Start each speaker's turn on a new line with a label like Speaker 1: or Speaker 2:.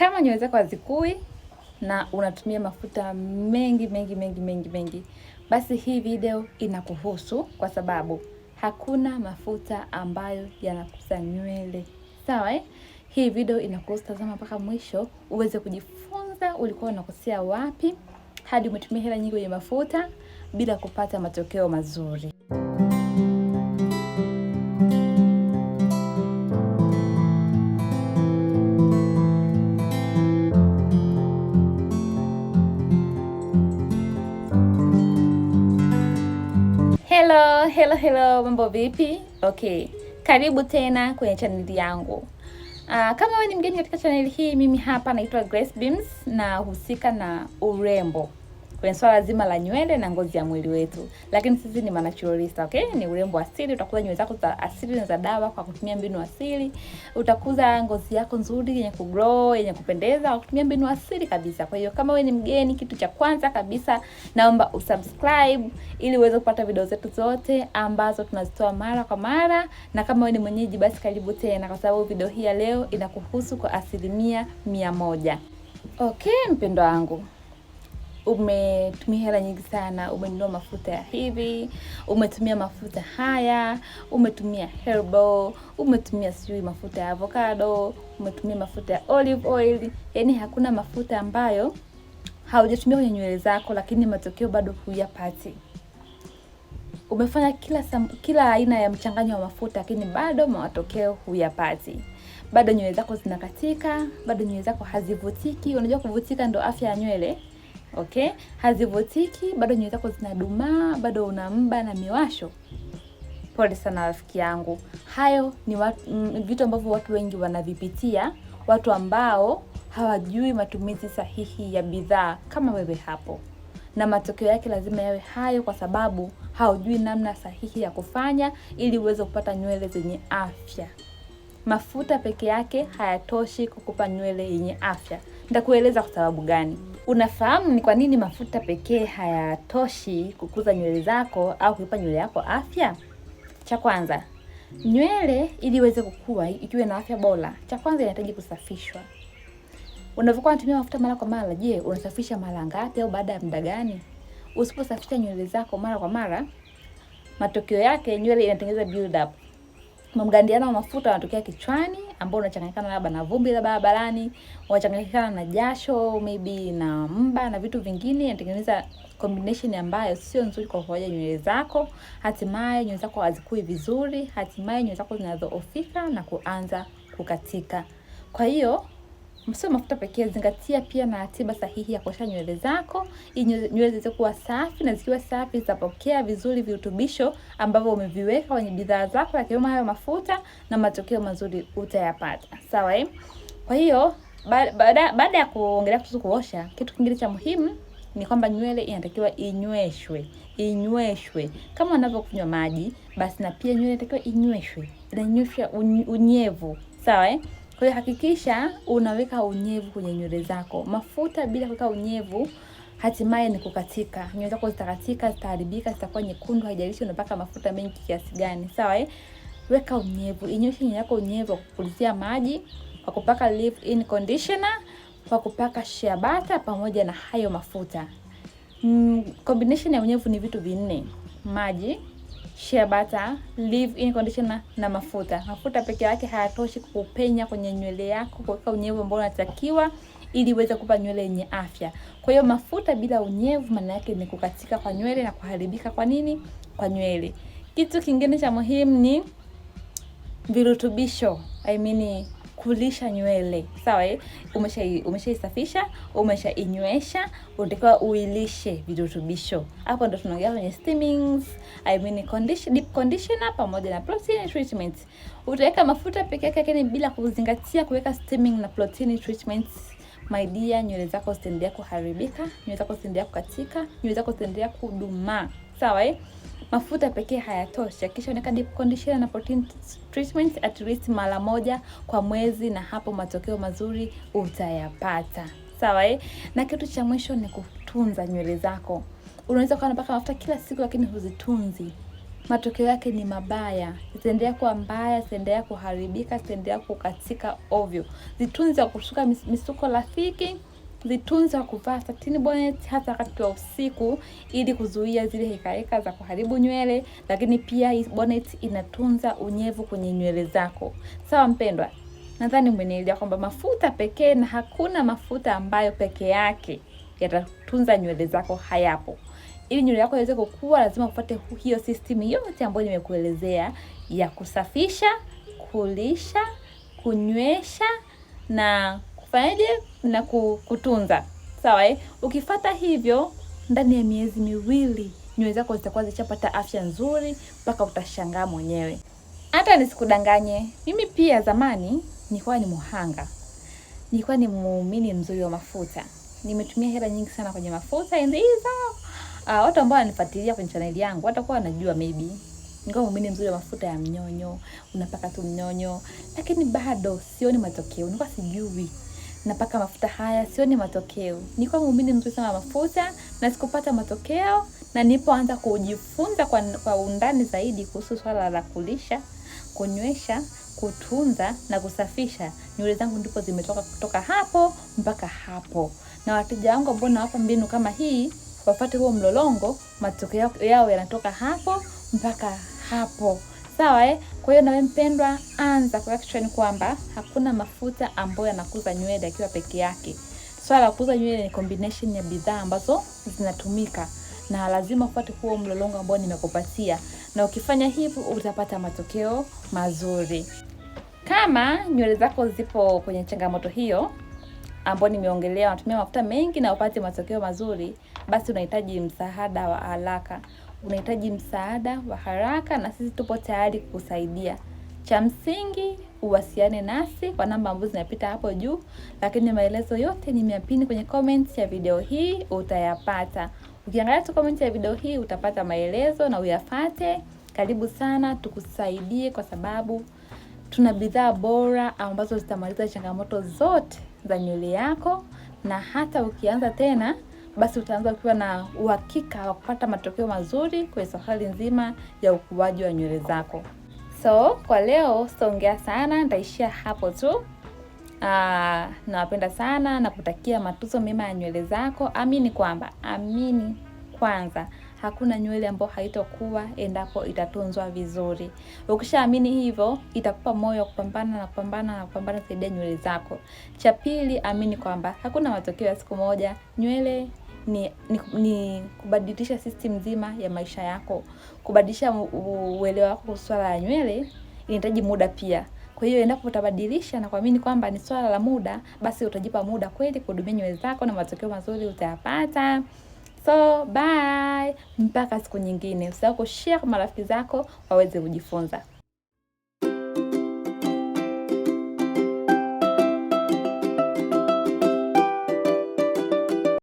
Speaker 1: Kama nywele zako hazikui na unatumia mafuta mengi mengi mengi mengi mengi, basi hii video inakuhusu kwa sababu hakuna mafuta ambayo yanakuza nywele sawa, eh? Hii video inakuhusu, tazama mpaka mwisho uweze kujifunza ulikuwa unakosea wapi hadi umetumia hela nyingi kwenye mafuta bila kupata matokeo mazuri. Hello, hello, hello, mambo vipi? Okay, karibu tena kwenye chaneli yangu. Ah, kama wewe ni mgeni katika chaneli hii, mimi hapa naitwa Grace Beams na husika na urembo kwenye swala zima la nywele na ngozi ya mwili wetu, lakini sisi ni manaturalista, okay? Ni urembo asili. Utakuza nywele zako za asili na za dawa kwa kutumia mbinu asili. Utakuza ngozi yako nzuri yenye kugrow, yenye kupendeza kwa kutumia mbinu asili kabisa. Kwa hiyo kama wewe ni mgeni, kitu cha kwanza kabisa naomba usubscribe ili uweze kupata video zetu zote ambazo tunazitoa mara kwa mara, na kama wewe ni mwenyeji, basi karibu tena, kwa sababu video hii ya leo inakuhusu kwa asilimia mia moja. Okay, mpendo wangu umetumia hela nyingi sana, umenunua mafuta ya hivi, umetumia mafuta haya, umetumia herbal, umetumia sijui mafuta ya avocado, umetumia mafuta ya olive oil. Yani hakuna mafuta ambayo haujatumia kwenye nywele zako, lakini matokeo bado huyapati. Umefanya kila sam, kila aina ya mchanganyo wa mafuta, lakini bado matokeo huyapati bado nywele zako zinakatika, bado nywele zako hazivutiki. Unajua kuvutika ndo afya ya nywele okay? Hazivutiki bado, nywele zako zinadumaa bado, una mba na miwasho. Pole sana rafiki yangu, hayo ni watu, mm, vitu ambavyo watu wengi wanavipitia, watu ambao hawajui matumizi sahihi ya bidhaa kama wewe hapo, na matokeo yake lazima yawe hayo, kwa sababu haujui namna sahihi ya kufanya ili uweze kupata nywele zenye afya mafuta peke yake hayatoshi kukupa nywele yenye afya. Nitakueleza kwa sababu gani. Unafahamu ni kwa nini mafuta pekee hayatoshi kukuza nywele zako au kuipa nywele yako afya? Cha kwanza, nywele ili iweze kukua ikiwe na afya bora, cha kwanza inahitaji kusafishwa. Unavyokuwa unatumia mafuta mara kwa mara, je, unasafisha mara ngapi au baada ya muda gani? Usiposafisha nywele zako mara kwa mara, matokeo yake nywele inatengeneza build up, mgandiana wa mafuta wanatokea kichwani ambao unachanganyikana labda na vumbi la barabarani, unachanganyikana na jasho maybe na mba na vitu vingine, inatengeneza combination ambayo sio nzuri kwa kuoja nywele zako. Hatimaye nywele zako hazikui vizuri, hatimaye nywele zako zinadhoofika na kuanza kukatika. Kwa hiyo Sio mafuta pekee, zingatia pia na tiba sahihi ya kuosha nywele zako ili nywele ziweze kuwa safi, na zikiwa safi zitapokea vizuri virutubisho ambavyo umeviweka kwenye bidhaa zako, yakiwemo hayo mafuta, na matokeo mazuri utayapata. Sawa eh? Kwa hiyo baada baada ya kuongelea kuhusu kuosha, kitu kingine cha muhimu ni kwamba nywele inatakiwa inyweshwe, inyweshwe kama unavyokunywa maji, basi na pia nywele inatakiwa inyweshwe, inanyweshwa unyevu. Sawa eh? Kwa hiyo hakikisha unaweka unyevu kwenye nywele zako. Mafuta bila kuweka unyevu hatimaye ni kukatika. Nywele zako zitakatika, zitaharibika, zitakuwa nyekundu, haijalishi unapaka mafuta mengi kiasi gani, sawa eh? Weka unyevu, inyoshe nywele yako unyevu wa kupulizia maji, kwa kupaka leave in conditioner, kwa kupaka shea butter pamoja na hayo mafuta. Mm, combination ya unyevu ni vitu vinne: maji, shea butter, leave in conditioner na mafuta. Mafuta peke yake hayatoshi kupenya kwenye nywele yako kuweka unyevu ambao unatakiwa ili iweze kupa nywele yenye afya. Kwa hiyo mafuta bila unyevu, maana yake ni kukatika kwa nywele na kuharibika kwa nini? Kwa nywele. Kitu kingine cha muhimu ni virutubisho I mean kulisha nywele sawa, eh? Umeshaisafisha, umeshainywesha, unatakiwa uilishe virutubisho. Hapo ndo tunaongea kwenye steamings, I mean condition, deep conditioner pamoja na protein treatment. Utaweka mafuta peke yake, lakini bila kuzingatia kuweka steaming na protein treatment, My dear, nywele zako zitaendelea kuharibika, nywele zako zitaendelea kukatika, nywele zako zitaendelea kudumaa, sawa eh? Mafuta pekee hayatoshi, kisha unaweka deep conditioner na protein treatments at least mara moja kwa mwezi, na hapo matokeo mazuri utayapata. Sawa eh? Na kitu cha mwisho ni kutunza nywele zako. Unaweza kuwa unapaka mafuta kila siku, lakini huzitunzi matokeo yake ni mabaya. Zitaendelea kuwa mbaya, zitaendelea kuharibika, zitaendelea kukatika ovyo. Zitunze kwa kusuka misuko rafiki zitunza kuvaa satin bonnet hasa wakati wa usiku ili kuzuia zile hekaheka za kuharibu nywele, lakini pia bonnet inatunza unyevu kwenye nywele zako. Sawa mpendwa, nadhani umenielewa kwamba mafuta pekee na hakuna mafuta ambayo peke yake yatatunza nywele zako hayapo. Ili nywele yako iweze kukua, lazima ufuate hiyo system yote ambayo nimekuelezea ya kusafisha, kulisha, kunywesha na kufanyaje na kutunza sawa eh? Ukifata hivyo ndani ya miezi miwili nywele zako zitakuwa zishapata afya nzuri mpaka utashangaa mwenyewe. Hata nisikudanganye, mimi pia zamani nilikuwa ni muhanga, nilikuwa ni muumini mzuri wa mafuta. Nimetumia hela nyingi sana kwenye mafuta and hizo uh, watu ambao wananifuatilia kwenye channel yangu watakuwa wanajua maybe nilikuwa muumini mzuri wa mafuta ya mnyonyo, unapaka tu mnyonyo, lakini bado sioni matokeo, nilikuwa sijui napaka mafuta haya, sioni matokeo. Nilikuwa muumini mzuri sana mafuta na sikupata matokeo, na nilipoanza kujifunza kwa, kwa undani zaidi kuhusu swala la kulisha, kunywesha, kutunza na kusafisha nywele zangu, ndipo zimetoka kutoka hapo mpaka hapo, na wateja wangu ambao nawapa mbinu kama hii wapate huo mlolongo, matokeo yao yanatoka hapo mpaka hapo sawa eh? Kwa hiyo nawe mpendwa, anza kuweka kichwani kwamba hakuna mafuta ambayo yanakuza nywele akiwa peke yake. Swala la kukuza nywele ni combination ya bidhaa ambazo zinatumika na lazima upate huo mlolongo ambao nimekupatia, na ukifanya hivyo utapata matokeo mazuri. Kama nywele zako zipo kwenye changamoto hiyo ambao nimeongelea, unatumia mafuta mengi na upate matokeo mazuri, basi unahitaji msaada wa haraka unahitaji msaada wa haraka, na sisi tupo tayari kukusaidia. Cha msingi uwasiliane nasi kwa namba ambazo zinapita hapo juu, lakini maelezo yote nimeyapini kwenye comments ya video hii, utayapata ukiangalia tu comment ya video hii utapata maelezo na uyafate. Karibu sana, tukusaidie kwa sababu tuna bidhaa bora ambazo zitamaliza changamoto zote za nywele yako, na hata ukianza tena basi utaanza ukiwa na uhakika wa kupata matokeo mazuri kwenye safari nzima ya ukuaji wa nywele zako. So kwa leo sitaongea sana, nitaishia hapo tu. Aa, ah, nawapenda sana na kutakia matuzo mema ya nywele zako. Amini kwamba, amini kwanza, hakuna nywele ambayo haitokuwa endapo itatunzwa vizuri. Ukishaamini hivyo, itakupa moyo wa kupambana na kupambana na kupambana zaidi ya nywele zako. Cha pili, amini kwamba hakuna matokeo ya siku moja. Nywele ni, ni, ni kubadilisha system nzima ya maisha yako. Kubadilisha uelewa wako kuhusu swala la nywele inahitaji muda pia. Kwa hiyo endapo utabadilisha na kuamini kwamba ni swala la muda, basi utajipa muda kweli kuhudumia nywele zako na matokeo mazuri utayapata. So bye, mpaka siku nyingine. Usisahau kushare kwa marafiki zako waweze kujifunza.